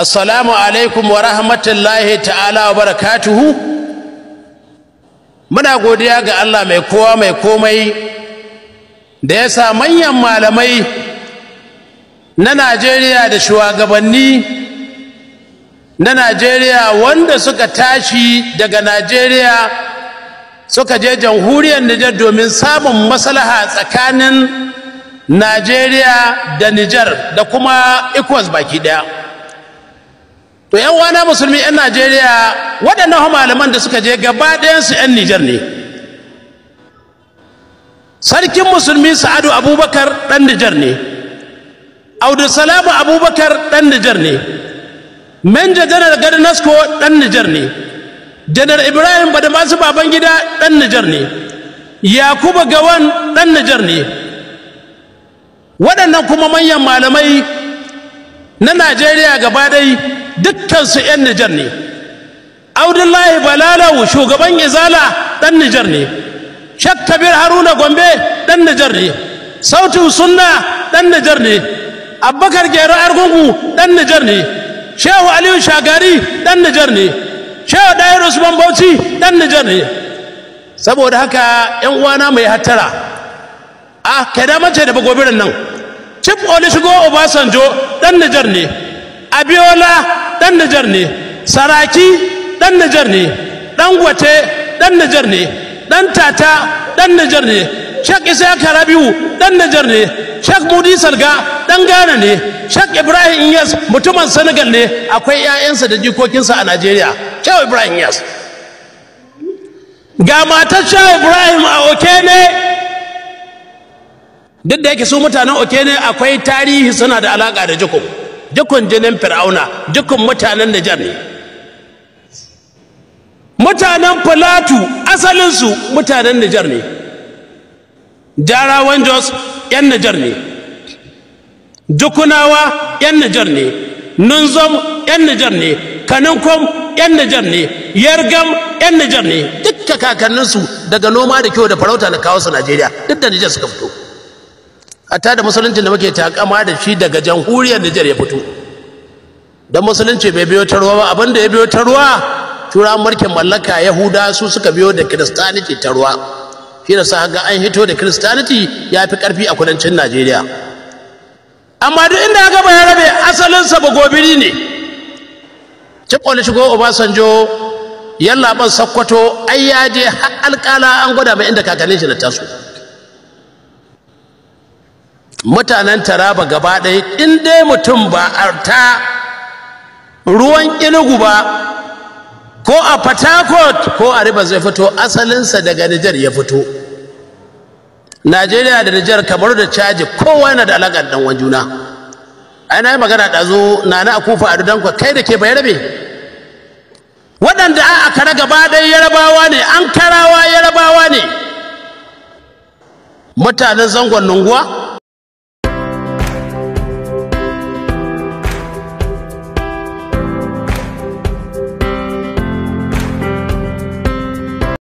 assalamu alaikum wa rahmatullahi ta'ala wa barakatuhu muna godiya ga Allah mai kowa mai komai da ya sa manyan malamai na Najeriya da shugabanni na Najeriya wanda suka tashi daga Najeriya suka je jamhuriyar Nijar domin samun maslaha tsakanin Najeriya da Nijar da kuma ECOWAS baki daya to yan wana musulmi yan najeriya waɗannan malaman da suka je gaba ɗayansu yan nijar ne sarkin musulmi sa'adu abubakar ɗan nijar ne Salamu abubakar ɗan nijar ne manja janar Nasko ɗan nijar ne janar ibrahim da masu baban gida ɗan nijar ne yakuba gawan ɗan nijar ne waɗannan kuma manyan malamai na najeriya gaba ɗaya dukkansu 'yan nijar ne abdullahi balalawu shugaban izala ɗan nijar ne shak kabir haruna gombe ɗan nijar ne sautin sunna ɗan nijar ne abubakar gero argungu ɗan nijar ne shehu aliyu shagari ɗan nijar ne shehu dairu usman bauchi ɗan nijar ne saboda haka 'yan uwana mai hattara a kai da mace da bagobirin nan cif olishigo obasanjo ɗan nijar ne abiola ɗan nijar ne saraki ɗan nijar ne dangote ɗan nijar ne ɗan tata ɗan nijar ne shek isa karabiu ɗan nijar ne shek mudi salga ɗan ghana ne shek ibrahim inyas mutumin senegal ne akwai 'ya'yansa da jikokinsa a najeriya shek ibrahim inyas ga matar shah ibrahim a oke ne duk da yake su mutanen oke ne akwai tarihi suna da alaƙa da jikon dukun jinin fir'auna dukkan mutanen da ne mutanen Filatu asalinsu mutanen Nijar ne jarawan Jos 'yan Nijar ne dukunawa 'yan Nijar ne nunzom 'yan Nijar ne kanunkom 'yan Nijar ne yargam 'yan Nijar ne dukka kakanninsu daga noma da kyau da farauta na kawo su Najeriya duk da Nijar suka fito hatta da musuluncin da muke takama da shi daga jamhuriyar Nijar ya fito don musulunci bai biyo ta ruwa ba abin da ya biyo ta ruwa tura markin mallaka yahuda su suka biyo da kiristaniti ta ruwa shi da sa ga an hito da kiristaniti ya fi karfi a kudancin najeriya amma duk inda ga ya rabe asalinsa bugo biri ne cikwale shigo obasanjo yallaban sakkwato ai yaje har alƙala an gwada mai inda kakannin shi na taso mutanen taraba gaba ɗaya in dai mutum ba arta ruwan inugu ba ko a fatakot ko a riba zai fito asalinsa daga nijar ya fito najeriya da nijar kamar da caji kowa yana da alaƙar ɗan juna ai na yi magana ɗazu na na a kufa a kai da ke bai rabe waɗanda a kara gaba ɗaya yarabawa ne an karawa yarabawa ne mutanen zangon nunguwa